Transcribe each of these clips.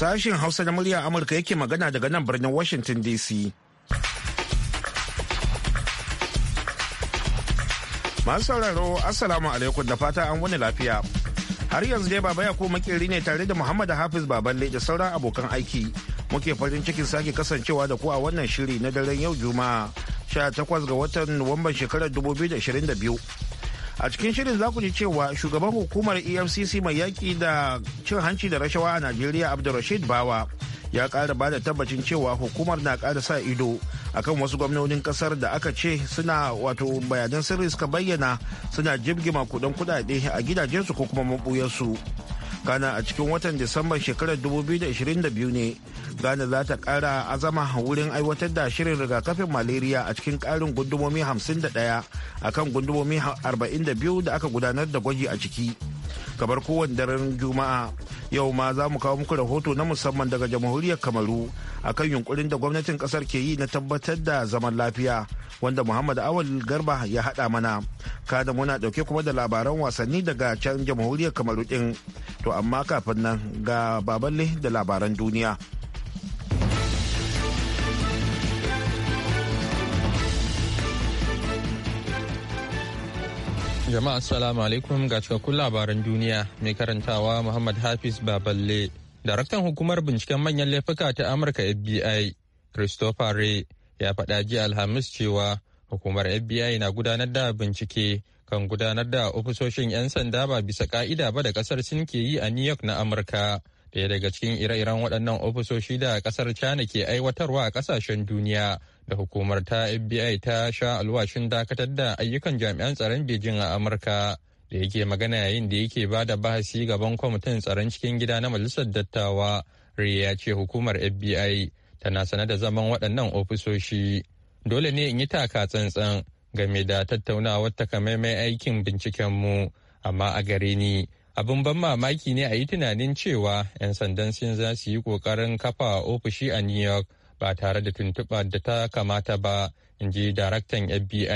Sashen Hausa na murya Amurka yake magana daga nan birnin Washington DC. Masu sauraro Assalamu alaikum da fata an wani lafiya. Har yanzu dai baba ya makeri ne tare da Muhammad Hafiz Baballe da sauran abokan aiki. Muke farin cikin sake kasancewa da ku a wannan shiri na daren yau Juma'a 18 ga watan Nuwamban shekarar 2022. a cikin shirin za ku ji cewa shugaban hukumar efcc mai yaƙi da cin hanci da rashawa a najeriya abdulrashid bawa ya ƙara ba da tabbacin cewa hukumar na ƙara sa ido akan wasu gwamnonin ƙasar da aka ce suna wato bayanan sirri suka bayyana suna jibgima kudan kudade a gidajensu ko kuma mabuyarsu ghana a cikin watan disambar shekarar 2022 ne ghana za ta kara azama wurin aiwatar da shirin rigakafin malaria a cikin karin gundumomi 51 akan gundumomi 42 da aka gudanar da gwaji a ciki. kamar kowane daren juma'a yau ma za mu kawo muku rahoto na musamman daga jamhuriyar kamaru akan yunkurin da gwamnatin kasar ke yi na tabbatar da zaman lafiya wanda muhammad awal garba ya haɗa mana kada muna ɗauke kuma da labaran wasanni daga can jamhuriyar kamaru ɗin to amma kafin nan ga baballe da labaran duniya. Jama'a assalamu alaikum ga cikakkun labaran duniya mai karantawa Muhammad Hafiz Baballe. Daraktan hukumar binciken manyan laifuka ta Amurka FBI, Christopher Ray, ya faɗa jiya Alhamis cewa hukumar FBI na gudanar da bincike kan gudanar da ofisoshin 'yan sanda ba bisa ka'ida ba da kasar Sin ke yi a New York na Amurka. Daya daga cikin ire-iren waɗannan ofisoshi da kasar China ke aiwatarwa a ƙasashen duniya da hukumar ta FBI ta sha alwashin dakatar da ayyukan jami'an tsaron Beijing a Amurka da yake magana yayin da yake ba da bahasi gaban kwamitin tsaron cikin gida na Majalisar Dattawa Ri ya ce hukumar FBI tana sane da zaman waɗannan ofisoshi. Dole ne in yi taka tsantsan game da tattaunawar takamaimai aikin bincikenmu, amma a gare ni abin ban mamaki ne a yi tunanin cewa 'yan sandan sun za su yi ƙoƙarin kafa ofishi a New York ba tare da tuntuɓa da ta kamata ba in ji daraktan fbi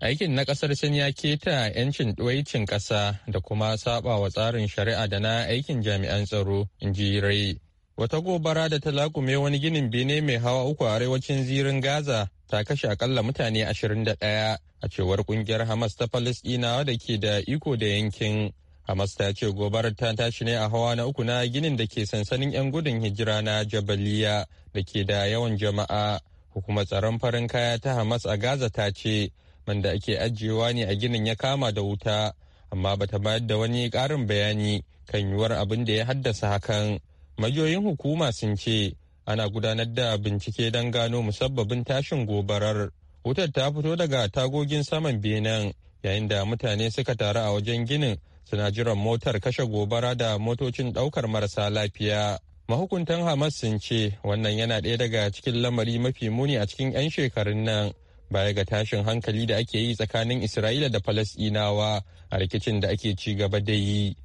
aikin na ƙasar sin ya keta 'yancin ɗwaicin ƙasa da kuma saba wa tsarin shari'a da na aikin jami'an tsaro in ji rai wata gobara da ta lakume wani ginin bene mai hawa uku a arewacin zirin gaza ta kashe akalla mutane 21 a cewar ƙungiyar hamas ta falasɗinawa da ke da iko da yankin Hamas ta ce gobarar ta tashi ne a hawa na uku na ginin da ke sansanin 'yan gudun hijira na Jabaliya da ke da yawan jama'a. Hukumar tsaron farin kaya ta Hamas a Gaza ta ce man ake ajiyewa ne a ginin ya kama da wuta, amma bata bayar da wani karin bayani kan yiwuwar abin da ya haddasa hakan. Majiyoyin hukuma sun ce ana gudanar da bincike don gano musabbabin tashin gobarar. Wutar ta fito daga tagogin saman benen yayin da mutane suka taru a wajen ginin suna jiran motar kashe gobara da motocin ɗaukar marasa lafiya. Mahukuntan Hamas sun ce wannan yana ɗaya daga cikin lamari mafi muni a cikin 'yan shekarun nan baya ga tashin hankali da ake yi tsakanin Isra'ila da Falasɗinawa a rikicin da ake ci gaba da yi.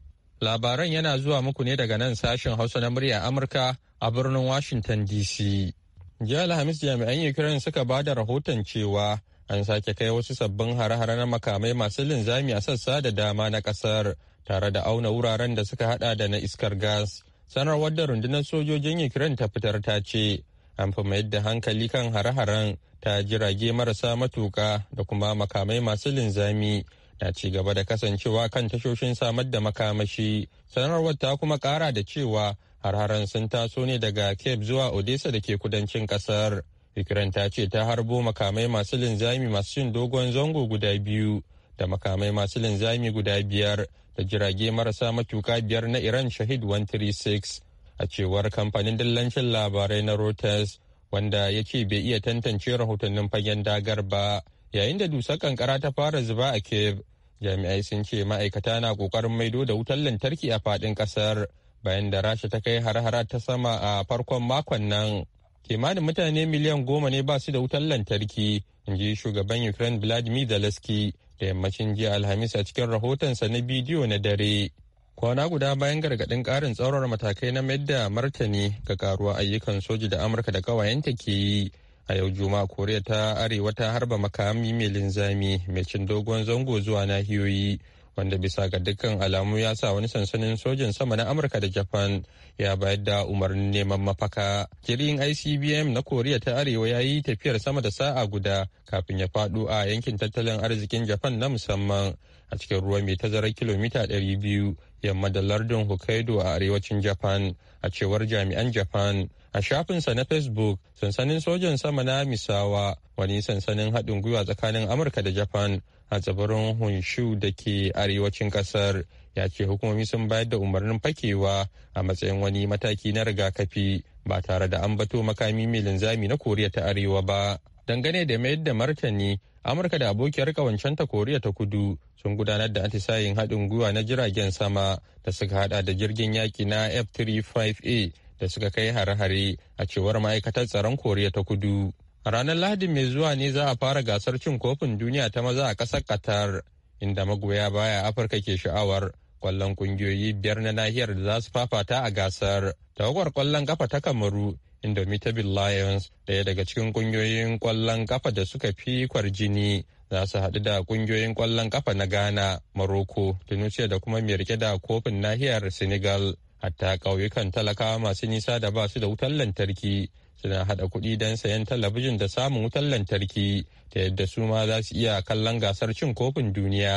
Labaran yana zuwa muku ne daga nan sashen Hausa na murya Amurka a birnin Washington DC. Jiya Alhamis jami'an Ukraine suka ba da rahoton cewa an sake kai wasu sabbin hare-hare na makamai masu linzami a sassa da dama na kasar tare da auna wuraren da suka hada da na iskar gas sanarwar da rundunar sojojin ukraine ta fitar ta ce an fi mayar da hankali kan hare-haren ta jirage marasa matuka da kuma makamai masu linzami na ci gaba da kasancewa kan tashoshin samar da makamashi sanarwar ta kuma kara da cewa har-haren sun taso ne daga cape zuwa odessa da ke kudancin kasar Ukraine ta ce ta harbo makamai masu linzami masu cin dogon zango guda biyu da makamai masu linzami guda biyar da jirage marasa matuka biyar na Iran Shahid 136 a cewar kamfanin dillancin labarai na Reuters wanda ya ce bai iya tantance rahotannin fagen dagar ba yayin da dusar kankara ta fara zuba a Kiev. Jami'ai sun ce ma'aikata na ƙoƙarin maido da wutar lantarki a faɗin ƙasar bayan da Rasha ta kai har-hara ta sama a farkon makon nan. kimanin mutane miliyan goma ne ba su da wutar lantarki in ji shugaban ukraine vladimir zelensky da yammacin jiya alhamis a cikin rahotonsa na bidiyo na dare kwana guda bayan gargadin karin tsaurar matakai na mayar da martani ga karuwa ayyukan soji da amurka da kawayenta ke yi a yau juma'a koriya ta arewa ta harba makami mai linzami mai cin dogon zango zuwa nahiyoyi wanda bisa ga dukkan alamu ya sa wani sansanin sojin sama na amurka da japan ya bayar da umarnin neman mafaka jirgin icbm na koriya ta arewa ya yi tafiyar sama da sa'a guda kafin ya fadu a yankin tattalin arzikin japan na musamman a cikin ruwa mai tazarar kilomita 200 yamma da lardin hokkaido a arewacin japan a cewar jami'an japan a shafinsa na facebook sansanin sojan sama na misawa wani sansanin haɗin gwiwa tsakanin amurka da japan a tsibirin Honshu da ke arewacin kasar ya ce hukumomi sun bayar da umarnin fakewa a matsayin wani mataki na rigakafi ba tare da an bato makami mai linzami na Koriya ta Arewa ba. Dangane da mayar da martani, Amurka da abokiyar kawancenta Koriya ta Kudu sun gudanar da atisayin haɗin gwiwa na jiragen sama da suka hada da jirgin yaƙi na F-35A da suka kai hare-hare a cewar ma'aikatar tsaron Koriya ta Kudu. Ranar Lahadi mai zuwa ne za a fara gasar cin kofin duniya ta maza a ƙasar Qatar, inda magoya baya Afirka ke sha'awar kwallon kungiyoyi biyar na nahiyar da za su fafata a gasar. Tawagar kwallon kafa ta Kamaru, Indomitable Lions, ɗaya daga cikin kungiyoyin kwallon kafa da suka fi kwarjini, za su haɗu da kungiyoyin kwallon kafa na Ghana, Morocco, Tunisia da kuma mai rike da kofin nahiyar Senegal. Hatta ƙauyukan talakawa masu nisa da ba su da wutar lantarki suna hada kuɗi don sayan talabijin da samun wutar lantarki ta yadda su ma za su iya kallon gasar cin kofin duniya.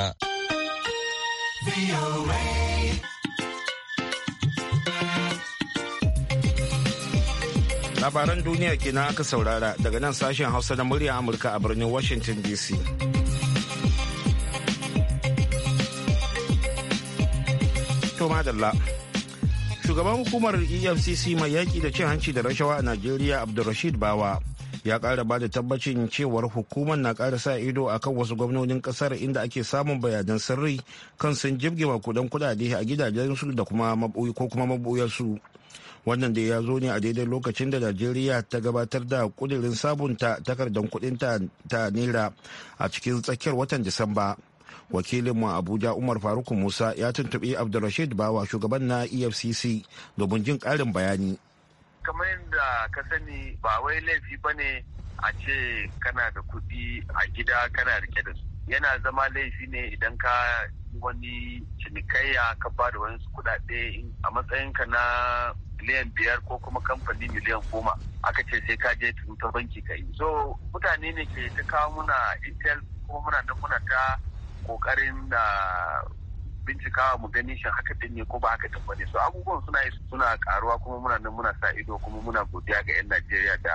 Labaran duniya kenan aka saurara daga nan sashen Hausa na murya Amurka a birnin Washington DC. Toma Dalla. shugaban hukumar efcc mai yaƙi da cin hanci da rashawa a najeriya abdulrashid bawa ya ƙara ba da tabbacin cewar hukumar na ƙara sa ido a kan wasu gwamnonin ƙasar inda ake samun bayanan sirri kan sun jibge makudan kudade a gidajensu da kuma ko kuma maɓoyarsu wannan da ya zo ne a daidai lokacin da najeriya ta gabatar da kudirin sabunta takardar kudin ta naira a cikin tsakiyar watan disamba wakilinmu a abuja umar faruk musa ya tuntuɓi abdulrashid bawa shugaban na efcc domin jin ƙarin bayani kamar yadda ka sani ba wai laifi ba ne a ce kana da kuɗi a gida kana rike da su yana zama laifi ne idan ka wani cinikayya ka ba da wani kuɗaɗe a matsayinka na miliyan biyar ko kuma kamfani miliyan goma aka ce sai ka je ta banki ka yi so mutane ne ke ta kawo muna intel kuma muna da muna ta kokarin da bincikawa mu gani shin haka din ne ko ba haka din bane so abubuwan suna suna karuwa kuma muna nan muna sa ido kuma muna godiya ga yan Najeriya da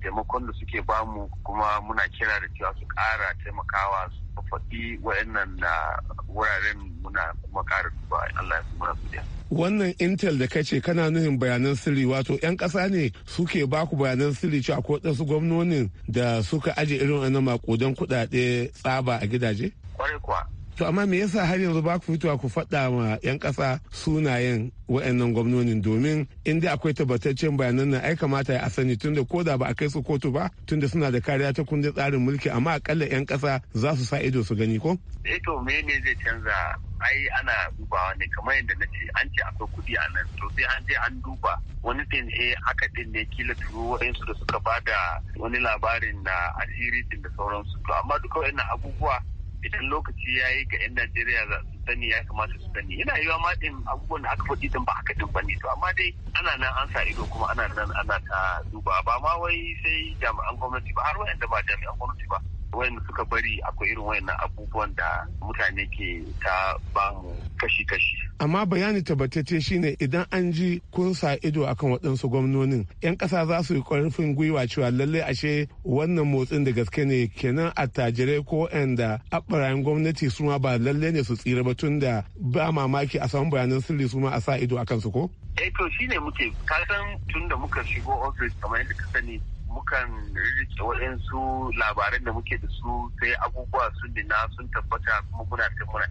taimakon da suke bamu kuma muna kira da cewa su kara taimakawa su faɗi wa'annan ah, wuraren muna kuma kara duba Allah ya muna godiya. Wannan intel da kace kana nuhin bayanan sirri wato 'yan ƙasa ne suke baku bayanan sirri cewa ko waɗansu gwamnonin da suka aje irin wannan makudan kuɗaɗe tsaba a gidaje? kwarai kuwa to amma me yasa har yanzu ba ku fitowa ku faɗa ma 'yan ƙasa sunayen wa'annan gwamnonin domin inda akwai tabbataccen bayanan nan ai kamata a sani tunda ko da ba a kai su kotu ba tunda suna da kariya ta kundin tsarin mulki amma akalla 'yan ƙasa za su sa ido su gani ko? eh to ne zai canza ai ana dubawa ne kamar yadda na ce an ce akwai kuɗi a nan to sai an je an duba wani din eh haka ɗin ne kila turo wa'insu da suka bada wani labarin na asiri din da sauransu to amma duka wa'annan abubuwa idan lokaci ya yi ga 'yan Najeriya za su sani ya kamata su sani yana yiwa ma din abubuwan da aka faɗi din ba aka din bane to amma dai ana nan an sa ido kuma ana nan ana ta duba ba ma wai sai jami'an gwamnati ba har wa'anda ba jami'an gwamnati ba wayanda suka bari akwai irin wayannan abubuwan da mutane ke ta bamu kashi-kashi. Amma bayani tabbatacce shine idan an ji kun sa ido akan waɗansu gwamnonin 'yan ƙasa za su yi ƙarfin gwiwa cewa lallai ashe wannan motsin da gaske ne kenan attajirai ko 'yan da abbarayen gwamnati su ma ba lallai ne su tsira ba tun da ba mamaki a samu bayanan sirri su ma a sa ido akan su ko? Eh to shine muke kasan tun da muka shigo ofis kamar yadda ka sani mukan rike waɗansu labaran da muke da su sai abubuwa sun dina sun tabbata kuma muna ta muna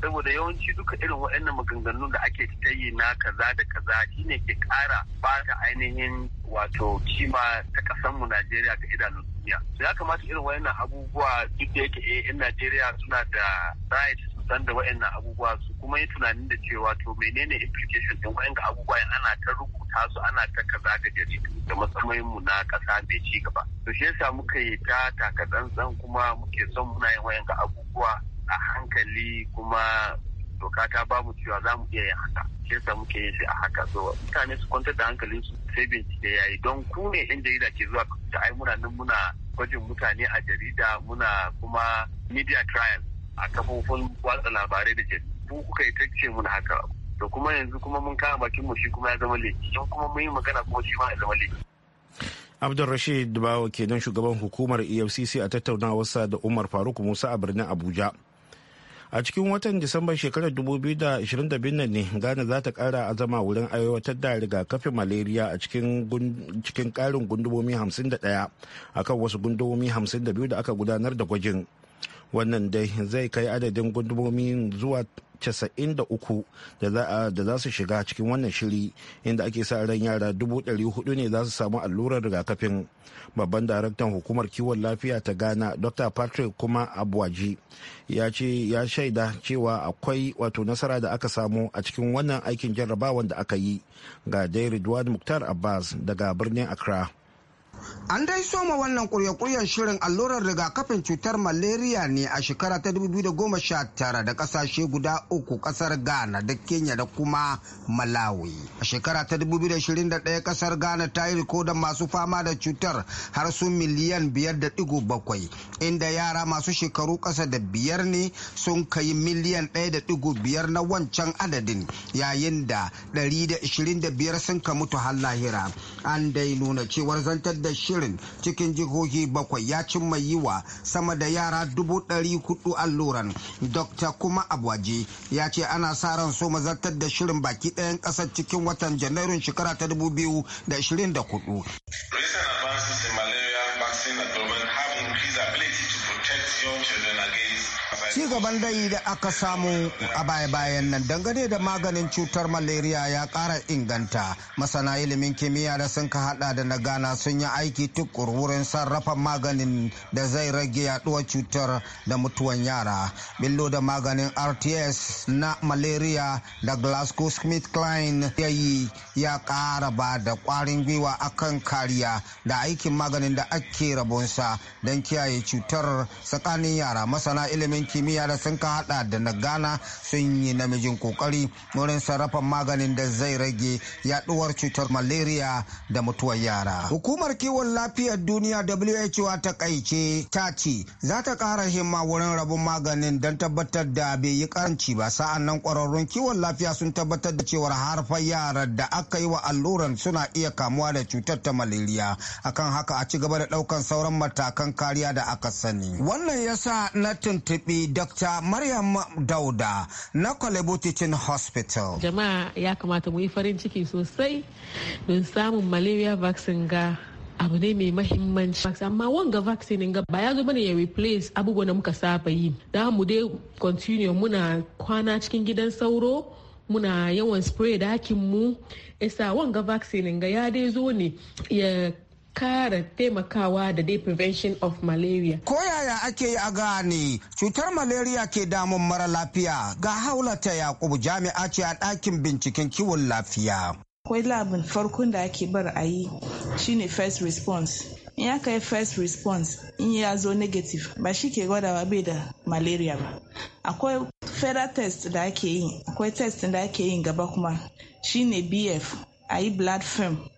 saboda yawanci duka irin waɗannan maganganun da ake ta yi na kaza da kaza shine ke ƙara ba ta ainihin wato kima ta mu Najeriya ga idanun duniya. Ya kamata irin waɗannan abubuwa duk da yake eh, 'yan Najeriya suna da rights san da wa'annan abubuwa su kuma yi tunanin da cewa to menene implication din wa'annan abubuwa ana ta rubuta su ana ta kaza da jaridu da matsalolin mu na kasa mai ci gaba to shi yasa muka yi ta taka tsantsan kuma muke son muna yin wa'annan abubuwa a hankali kuma doka ta ba mu cewa za mu iya yin haka shi yasa muke yin shi a haka so mutane su kwantar da hankalin su sai bincike yayi don ku ne yan jarida ke zuwa ta ai muna nan muna gwajin mutane a jarida muna kuma media trials a kafofin watsa labarai da ke ku kuka yi tacce mun haka da kuma yanzu kuma mun kama bakin mu shi kuma ya zama laifi don kuma mun yi magana kuma shi ma ya zama laifi. Abdulrashid Bawo kenan shugaban hukumar EFCC a tattaunawarsa da Umar Faruk Musa a birnin Abuja. a cikin watan disambar shekarar 2021 ne ghana za ta kara azama wurin aiwatar da rigakafin malaria a cikin karin gundumomi 51 kan wasu gundumomi 52 da aka gudanar da gwajin wannan dai zai kai adadin gudumomi zuwa 93 da za su shiga cikin wannan shiri inda ake sa ran yara 400 ne za su samu allurar rigakafin babban daraktan hukumar kiwon lafiya ta ghana dr patrick kuma abuwaji ya ce ya shaida cewa akwai wato nasara da aka samu a cikin wannan aikin jarrabawan da aka yi ga dai ridwan muktar abbas daga birnin accra An dai soma wannan kurye shirin allurar rigakafin cutar malaria ne a shekara ta 2019 da kasashe guda uku kasar Ghana da Kenya da kuma Malawi. A shekara ta 2021 kasar Ghana ta yi rikodon masu fama da cutar har su miliyan 5.7 inda yara masu shekaru kasa da biyar ne sun kai miliyan 1.5 na wancan adadin yayin da 125 sun kamutu har lahira. An dai nuna cewar zantar da shirin cikin jihohi bakwai ya cimma wa sama da yara dubu ɗari hudu alluran dokta kuma abwaji ya ce ana sa ran so mazartar da shirin baki ɗayan ƙasar cikin watan janairun shekara ta dubu biyu da ashirin da hudu. malaria vaccine Ci gaban dai da aka samu a baya-bayan nan dangane da maganin cutar malaria ya kara inganta. Masana ilimin kimiyya da sun ka hada da na gana sun yi aiki tukur wurin sarrafa maganin da zai rage yaduwar cutar da mutuwan yara. Billo da maganin RTS na malaria da Glasgow Smith Klein ya yi ya kara ba da kwarin gwiwa akan kariya da aikin maganin da ake rabonsa don kiyaye cutar tsakanin yara masana ilimin kimiyya da sun ka hada da na ghana sun yi namijin kokari wurin sarrafa maganin da zai rage yaduwar cutar malaria da mutuwar yara hukumar kiwon lafiyar duniya who ta kaice ta ce za ta kara himma wurin rabon maganin don tabbatar da bai yi karanci ba sa'an nan kwararrun kiwon lafiya sun tabbatar da cewar harfar yara da aka yi wa alluran suna iya kamuwa da cutar ta malaria akan haka a ci gaba da daukan sauran matakan kariya da aka sani wannan Wannan yasa na tuntuɓi Dr. Maryam Dauda na Kwalebo Teaching Hospital. Jama'a ya kamata mu yi farin ciki sosai don samun malaria vaccine ga abu ne mai mahimmanci amma wanga vaccine ga ba ya zo bane ya replace abubuwa da muka saba yi da mu dai continue muna kwana cikin gidan sauro muna yawan spray dakin mu isa wanga vaccine ga ya dai zo ne ya kara taimakawa da dai prevention of malaria. Ko yaya ake yi a gane cutar malaria ke damun mara lafiya ga haulata Yakubu jami'a ce a ɗakin binciken kiwon lafiya. Akwai labin farkon da ake bar a yi shine first response. In ya kai first response in ya zo negative ba shi ke gwadawa bai da malaria ba. Akwai federal test da ake yi, akwai test da ake yi gaba kuma shine BF a yi blood film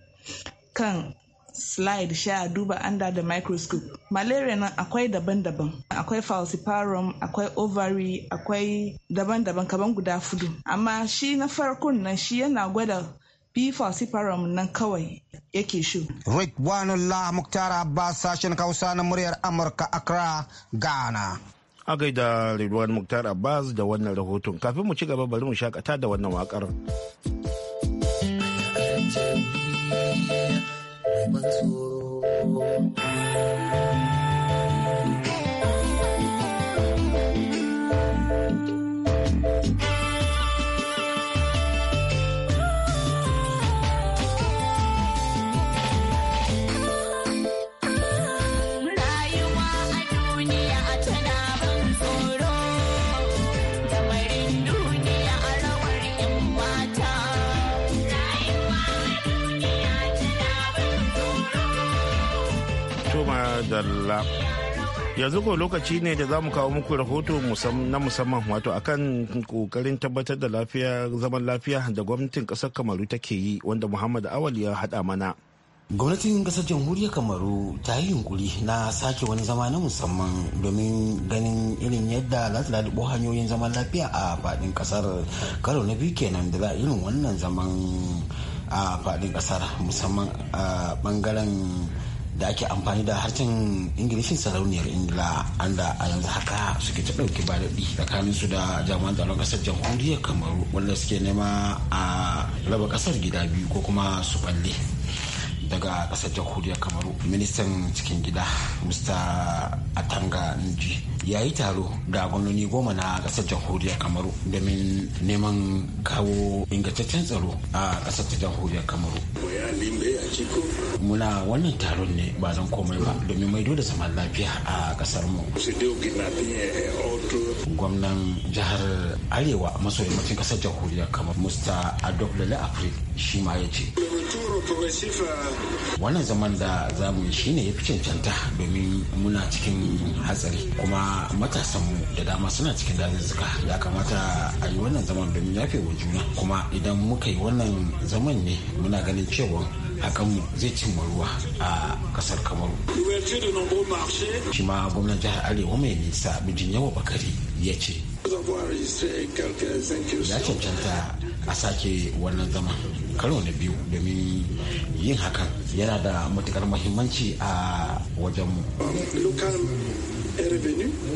kan slide sha duba under the microscope malaria nan akwai daban-daban akwai falciparum akwai ovary akwai daban-daban kaban guda fudu amma shi na farkon nan shi yana gwada bi falciparum nan kawai yake Rick Wanullah Muktar Abbas sashen Hausa na muryar Amurka Accra, Ghana. A gaida Ridwan Muktar Abbas da wannan rahoton kafin mu ci gaba bari mu shakata da wannan waƙar. 满足。yanzu ko lokaci ne da za mu kawo muku rahoto na musamman wato akan kokarin tabbatar da lafiya zaman lafiya da gwamnatin kasar kamaru take yi wanda muhammad awal ya haɗa mana gwamnatin kasar jamhuriyar kamaru ta yi yunkuri na sake wani zama na musamman domin ganin irin yadda za ta hanyoyin zaman lafiya a faɗin kasar karo na biyu kenan da za irin wannan zaman a faɗin kasar musamman a bangaren da ake amfani da harshen ingilishin sarauniyar ingila anda a yanzu haka suke ta ɗauki ba daɗi tsakanin su da jami'an tsaron ƙasar jamhuriyar kamaru wanda suke nema a raba ƙasar gida biyu ko kuma su balle daga kasar jamhuriyar kamaru ministan cikin gida mr atanga nji ya yi taro da gwamnoni goma na kasar jamhuriyar kamaru domin neman kawo ingantaccen tsaro a kasar jamhuriyar kamaru muna wannan taron ne ba don komai ba domin maido da zaman lafiya a kasar mu gwamnan jihar arewa maso yammacin kasar jamhuriyar kamar musta adoblele afrik shi ma ya ce wannan zaman da za mu yi shine ya fi cancanta domin muna cikin hatsari kuma matasanmu da dama suna cikin dazuzzuka ya kamata a yi wannan zaman domin yafe wa juna kuma idan muka yi wannan zaman ne muna ganin cewa a kanmu zai cimma ruwa a kasar kamaru shi ma gwamnan jihar arewa mai nisa mijin yawa bakari ya ce ya cancanta a sake wannan zama karo na biyu domin yin hakan yana da matukar mahimmanci a wajenmu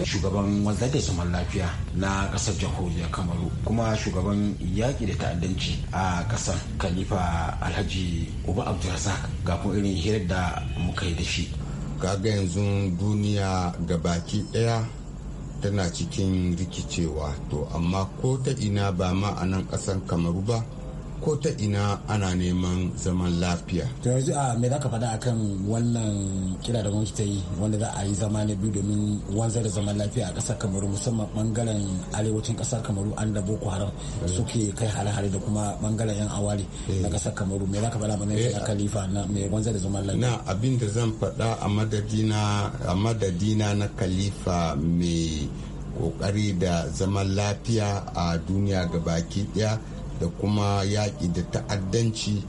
shugaban wanzar da saman lafiya na kasar jamhuriyar kamaru kuma shugaban yaƙi da ta'addanci a kasar khalifa alhaji uba abdulrazak ga kuma irin hirar da muka yi da shi kaga yanzu duniya ga baki ɗaya tana cikin rikicewa to amma ko ta ina ba ma a nan ƙasar kamaru ba ko ta ina ana neman zaman lafiya. To yanzu a ah, me za ka faɗa akan wannan kira da gwamnati ta yi wanda za a yi zama na biyu domin wanzar da zaman lafiya a ƙasar Kamaru musamman bangaren arewacin ƙasar Kamaru an da Boko Haram eh. suke kai hare-hare da kuma bangaren 'yan awari eh. na ƙasar Kamaru me za ka faɗa mana eh, yanzu Khalifa na me wanzar da zaman lafiya. Na abin da zan faɗa a madadina a madadina na Khalifa mai kokari da zaman lafiya a duniya ga baki daya da kuma yaƙi da ta'addanci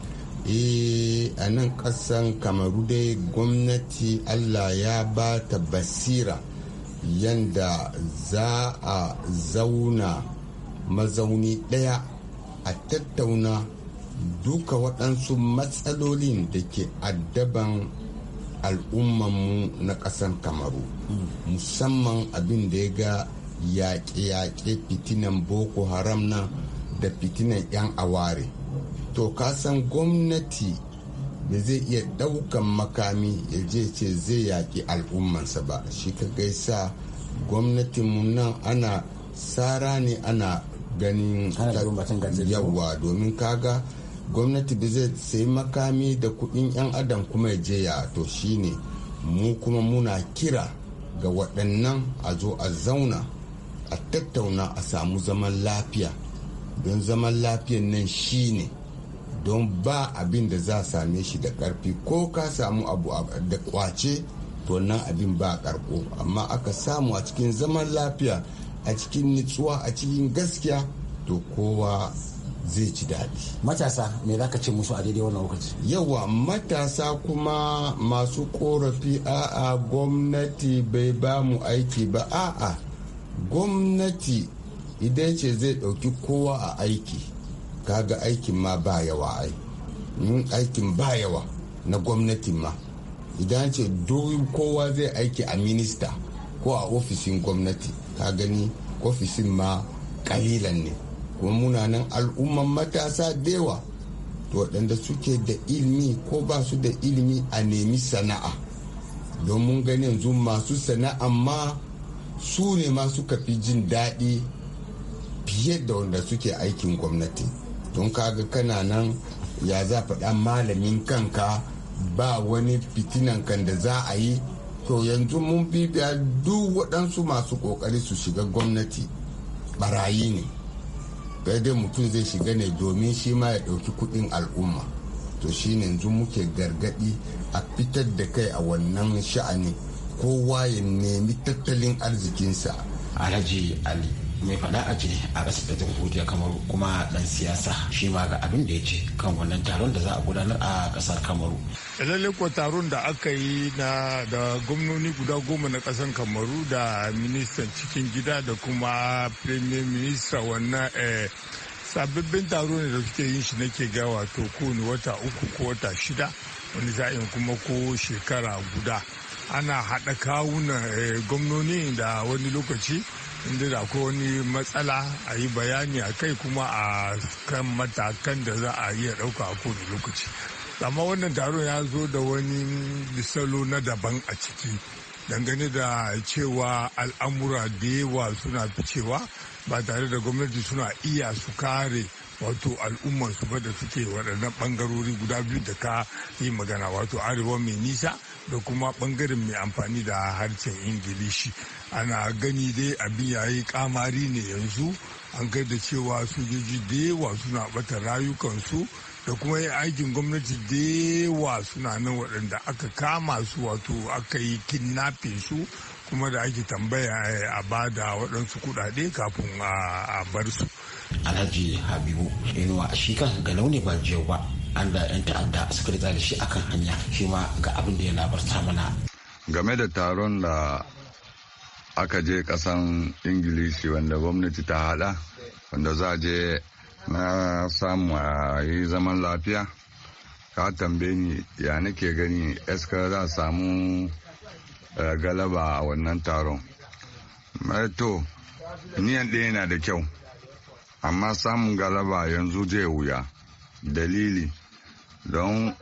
eh, a nan ƙasan kamaru dai gwamnati allah ya ba ta basira yanda za a zauna mazauni ɗaya a tattauna duka waɗansu matsalolin da ke addaban al'ummanmu na ƙasar kamaru musamman abin da ya ga yaƙe-yaƙe fitinan boko haram na da fitinan 'yan aware to kasan gwamnati ba zai iya ɗaukan makami ya je ce zai yaƙi al'ummansa ba shi ka gaisa gwamnatinmu nan ana tsara ne ana ganin yawwa domin kaga gwamnati ba zai sai makami da kuɗin 'yan adam kuma ya je ya to shine mu kuma muna kira ga waɗannan a zo a zauna a tattauna a samu zaman lafiya don zaman lafiyan nan shi ne don ba abin da za same shi da karfi ko ka samu abu da kwace to nan abin ba karko amma aka samu a cikin zaman lafiya a cikin nutsuwa a cikin gaskiya to kowa zai ci daɗi. Matasa me za ka ce musu a daidai wannan lokaci? Yawa matasa kuma masu korafi a'a gwamnati bai ba mu aiki ba a'a gwamnati idan ce zai ɗauki kowa a aiki kaga aikin ma ba yawa ai mun aikin ba yawa na gwamnatin ma idan ce kowa zai aiki a minista ko a ofishin gwamnati ka gani ofishin ma kalilan ne kuma muna nan al'umman matasa dewa waɗanda suke da ilimi ko ba su da ilimi a nemi sana'a don mun gani yanzu masu sana'a ma su ne ma suka fi jin daɗi fiye da wanda suke aikin gwamnati don kaga kana nan ya za faɗa malamin kanka ba wani fitinan kan da za a yi to yanzu mun bibiya duk waɗansu masu ƙoƙari su shiga gwamnati barayi ne dai mutum zai shiga ne domin shi ma ya ɗauki kuɗin al'umma to shi ne yanzu muke gargaɗi a fitar da kai a wannan sha'ani kowa ya nemi tattalin arzikinsa alhaji ali mai fada a ce a asibitin hujja kamaru kuma dan siyasa shi ma ga abin da ya ce kan wannan taron da za a gudanar a kasar kamaru. lalle ko taron da aka yi na da gwamnoni guda goma na kasar kamaru da ministan cikin gida da kuma premier minister wannan eh, sababbin taro ne da suke yin shi nake ga wato kowane wata uku ko wata shida wani za'in kuma ko shekara guda ana haɗa kawunan eh, gwamnoni da wani lokaci inda da ko wani matsala a yi bayani a kai kuma a kan matakan da za a iya ɗauka a kowane lokaci amma wannan taron ya zo da wani misalo na daban a ciki dangane da cewa al'amura da yawa suna ficewa ba tare da gwamnati suna iya su kare wato al'ummarsu ba da suke waɗannan ɓangarori guda biyu da ka yi magana wato arewa mai nisa da kuma bangaren mai amfani da harshen ingilishi ana gani dai abin yayi kamari ne yanzu an kai da cewa sojoji da yawa suna bata rayukansu da kuma yi aikin gwamnati da yawa suna nan waɗanda aka kama su wato aka yi kidnapping su kuma da ake tambaya eh, a bada waɗansu kuɗaɗe kafin a bar su. Alhaji Habibu Inuwa shi kan ga launi ba jiyau ba an da 'yan ta'adda suka da shi kan hanya shi ma ga abin da ya labarta mana game da taron da aka je kasan ingilishi wanda gwamnati ta hada wanda za a je na samu a yi zaman lafiya ka tambaye ni ya nake gani eska za a samu eh, galaba a wannan taron eh, to niyan ɗaya yana da kyau amma samun galaba yanzu zai wuya dalili don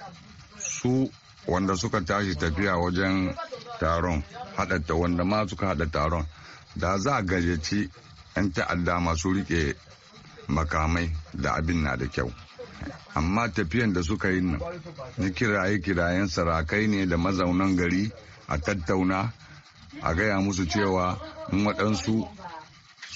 su wanda suka tashi tafiya wajen taron wanda ma suka haɗa taron da za a gajeci 'yan ta'adda masu rike makamai da abin na da kyau amma tafiyan da suka yi nan na kiraye-kirayen sarakai ne da mazaunan gari a tattauna a gaya musu cewa in waɗansu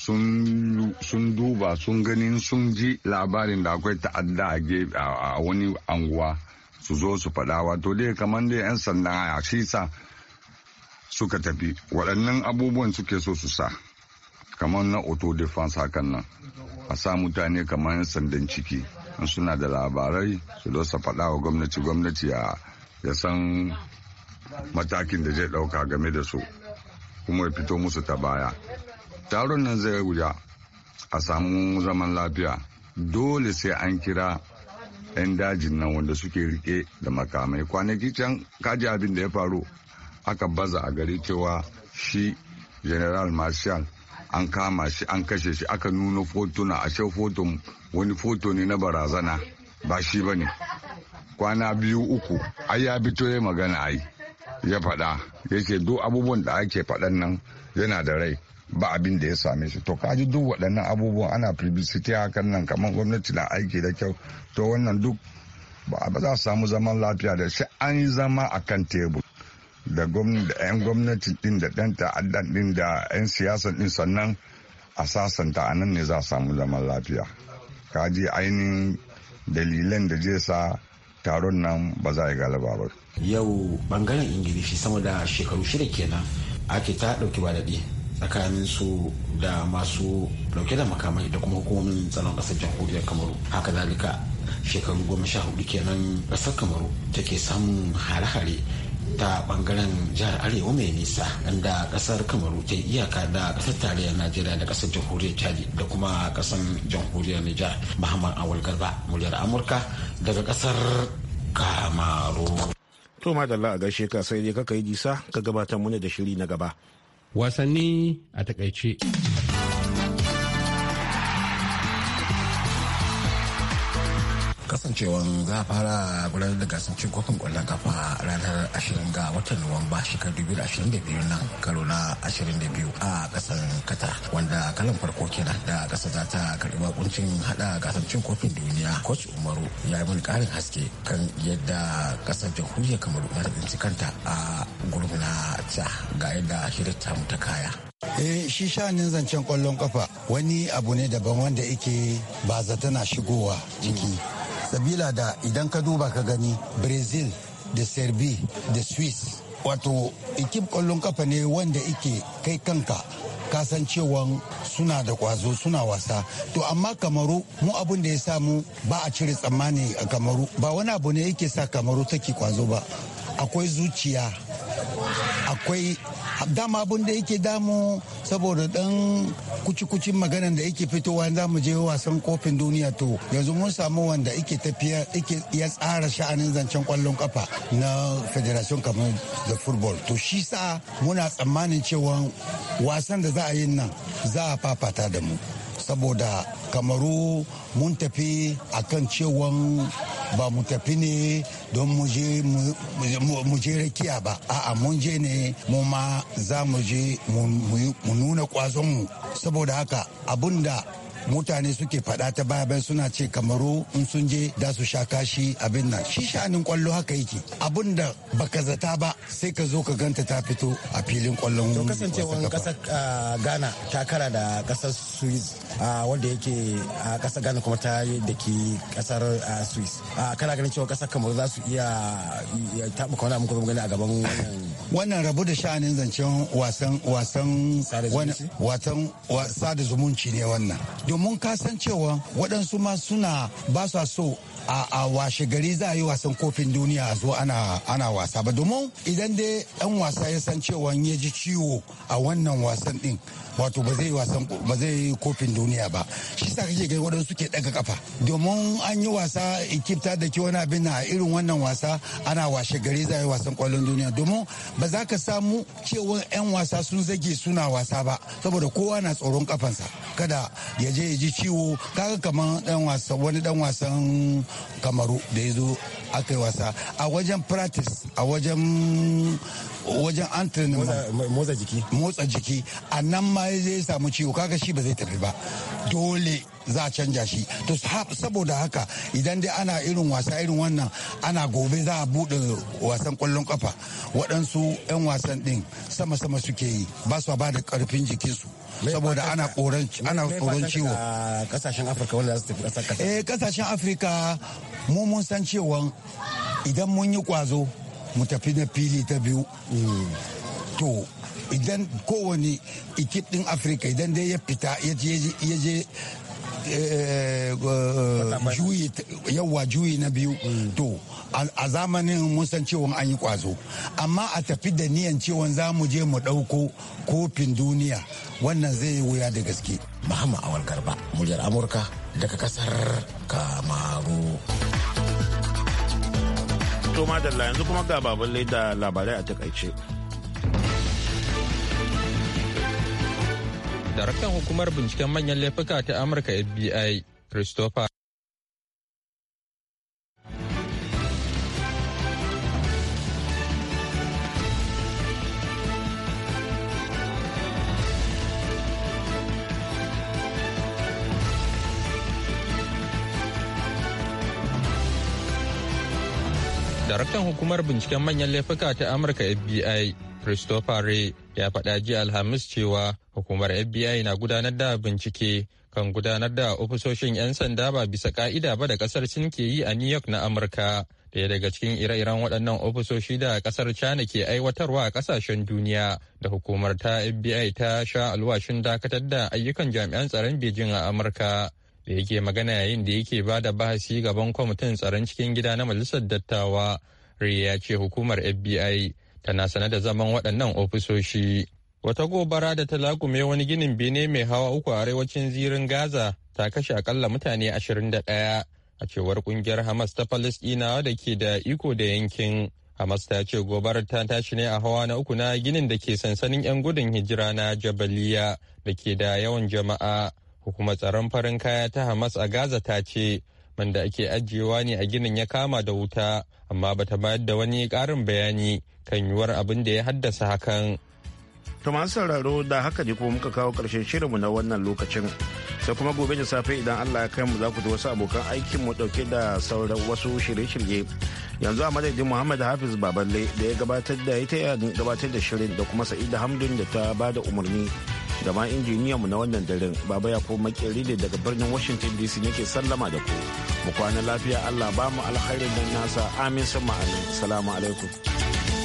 sun duba sun ganin sun ji labarin da akwai ta'adda a wani anguwa su zo su faɗa wato dai kamar dai 'yan sanda a sa suka tafi waɗannan abubuwan suke so su sa kamar na auto defense hakan nan a sa mutane kamar 'yan sandan ciki in suna da labarai su zo su faɗa wa gwamnati gwamnati ya san matakin da zai ɗauka game da su kuma ya fito musu ta baya taron nan zai wuya a samu zaman lafiya dole sai an kira 'yan dajin nan wanda suke rike da makamai kwanaki can kaji abin da ya faru aka baza a gari cewa shi general marshal an kama shi an kashe shi aka nuna fotuna a foton wani foto ne na barazana ba shi ba ne kwana biyu uku ai ya fito ya magana ai ya faɗa ya ce duk abubuwan da ake faɗan nan yana da rai ba abin da ya same shi to kaji duk waɗannan abubuwan ana publicity hakan nan kamar gwamnati na aiki da kyau to wannan duk ba za su samu zaman lafiya da shi an yi zama a kan tebur da 'yan gwamnati din da ɗan ta'addan din da 'yan siyasa din sannan a sasanta a nan ne za a samu zaman lafiya kaji ainihin dalilan da zai sa taron nan ba za a yi galaba ba yau bangaren ingilishi sama da shekaru shida kenan ake ta ɗauki ba daɗi tsakanin su da masu dauke da makamai da kuma hukumomin tsaron kasar jamhuriyar kamaru haka zalika shekaru goma sha hudu kenan kasar kamaru take samun hare-hare ta bangaren jihar arewa mai nisa inda kasar kamaru ta iyaka da kasar tarayyar najeriya da kasar jamhuriyar chadi da kuma kasar jamhuriyar nijar muhammad awal garba muryar amurka daga kasar kamaru to madalla a gaishe ka sai dai ka yi disa ka gabatar ne da shiri na gaba wasanni a takaice. kasancewa za a fara gudanar da gasar cin kofin kwallon kafa ranar 20 ga watan nuwamba shekarar 2022 nan karo na 22 a kasar qatar wanda kalan farko kenan da kasa za ta karbi bakuncin hada gasar cin kofin duniya coach umaru ya yi mun karin haske kan yadda kasar jamhuriyar kamaru ta tsinci kanta a gurbin na ta ga yadda shirya ta kaya eh shi sha'anin zancen kwallon kafa wani abu ne daban wanda yake ba zata na shigowa ciki sabila da idan ka duba ka gani brazil da serbi da swiss wato ekip kwallon kafa ne wanda ike kai kanka kasancewan suna da kwazo suna wasa to amma kamaru mu abun da ya samu ba a cire tsammani a kamaru ba wani abu ne yake sa kamaru take kwazo ba akwai zuciya akwai dama abin da yake damu saboda dan kuci-kucin maganan da yake fitowa za mu je wasan kofin duniya to yanzu mun samu wanda yake tafiya yake ya tsara sha'anin zancen kwallon kafa na federation kamar da football to shi sa muna tsammanin cewa wasan da za a yi nan za a fafata da mu saboda kamaru mun tafi akan cewa. ba mu tafi ne don mu je rakiya ba a'a mun je ne mu ma za mu je mu nuna kwazon mu saboda haka abun da mutane suke faɗa ta baya bayan suna ce kamaru in sun je da su sha kashi abin nan shi sha'anin kwallo haka yake abin da baka zata ba sai ka zo ka ganta ta fito a filin kwallon to kasancewar kasar ah, ghana ta kara da kasar swiss ah, wanda yake a ah, kasar ghana kuma ta yi da ke kasar swiss kana ganin cewa kasar kamaru za su iya taɓa kwana muku gani a gaban wannan rabu da sha'anin zancen wasan wasan wasan sada zumunci ne wannan domin ka san cewa waɗansu ma suna ba sa so a washe gari za a yi wasan kofin duniya a zo ana wasa ba domin idan dai ɗan wasa ya san cewa ya ji ciwo a wannan wasan ɗin wato ba zai wasan ba zai kofin duniya ba shi sa kake ga waɗansu ke daga kafa domin an yi wasa ikipta da ke wani abin na irin wannan wasa ana washe gari za yi wasan kwallon duniya domin ba za ka samu cewa 'yan wasa sun zage suna wasa ba saboda kowa na tsoron kafansa kada ya je ya ji ciwo kaga kamar dan wasan wani dan wasan kamaru da ya zo aka yi wasa a wajen practice a wajen wajen antrenin motsa jiki a nan ma zai samu ciwo kaga shi ba zai tafi ba dole za a canja shi to saboda haka idan dai ana irin wasa irin wannan ana gobe za a buɗe wasan kwallon kafa waɗansu 'yan wasan ɗin sama-sama suke yi ba su ba da ƙarfin jikinsu saboda ana tsoron ciwo kasashen afirka wanda za su tafi ƙasar kasa eh kasashen afirka mu mun san cewa idan mun yi kwazo mu tafi na fili ta biyu hmm. to idan kowane ekip din afirka idan dai ya fita ya je Eh, eh, eh, juyi juyi na biyu mm. to a zamanin mun san cewa an yi kwazo amma a tafi da niyan cewa za mu je mu ɗauko kofin duniya wannan zai yi wuya da gaske muhammad awal garba muryar amurka daga kasar kamaru to madalla yanzu kuma ga baban da labarai a takaice Daraktan hukumar binciken manyan laifuka ta Amurka FBI, Christopher daraktan hukumar binciken manyan laifuka ta amurka fbi Christopher ya faɗa jiya Alhamis cewa hukumar FBI na gudanar da bincike kan gudanar da ofisoshin 'yan sanda ba bisa ka'ida ba da kasar Sin ke yi a New York na Amurka. Daya daga cikin ire-iren waɗannan ofisoshi da kasar China ke aiwatarwa a kasashen duniya da hukumar ta FBI ta sha alwashin dakatar da ayyukan jami'an tsaron Beijing a Amurka. Da yake magana yayin da yake ba da bahasi gaban kwamitin tsaron cikin gida na Majalisar Dattawa. Ri ya ce hukumar FBI tana sane da zaman waɗannan ofisoshi. Wata gobara da ta lagume wani ginin bene mai hawa uku a arewacin zirin Gaza ta kashe akalla mutane ashirin da ɗaya, a cewar kungiyar Hamas ta Falasɗinawa da ke da iko da yankin. Hamas ta ce gobarar ta tashi ne a hawa na uku na ginin da ke sansanin 'yan gudun hijira na Jabaliya da ke da yawan jama'a. Hukumar tsaron farin kaya ta Hamas a Gaza ta ce wanda ake ajiyewa ne a ginin ya kama da wuta amma bata bayar da wani ƙarin bayani kan yiwuwar abin da ya haddasa hakan. To masu sauraro da haka ne kuma muka kawo ƙarshen shirinmu na wannan lokacin. Sai kuma gobe da safe idan Allah ya kai mu za ku ji wasu abokan aikin mu ɗauke da sauran wasu shirye-shirye. yanzu a madadin muhammad hafiz baballe da ya gabatar da ya gabatar da shirin da kuma sa'ida hamdun da ta ba da umarni da ma injiniya mu na wannan daren baba ya kuma makeri da daga birnin washington dc yake sallama da ku mu kwana lafiya allah ba mu alkhairin nan nasa amin sama salamu alaikum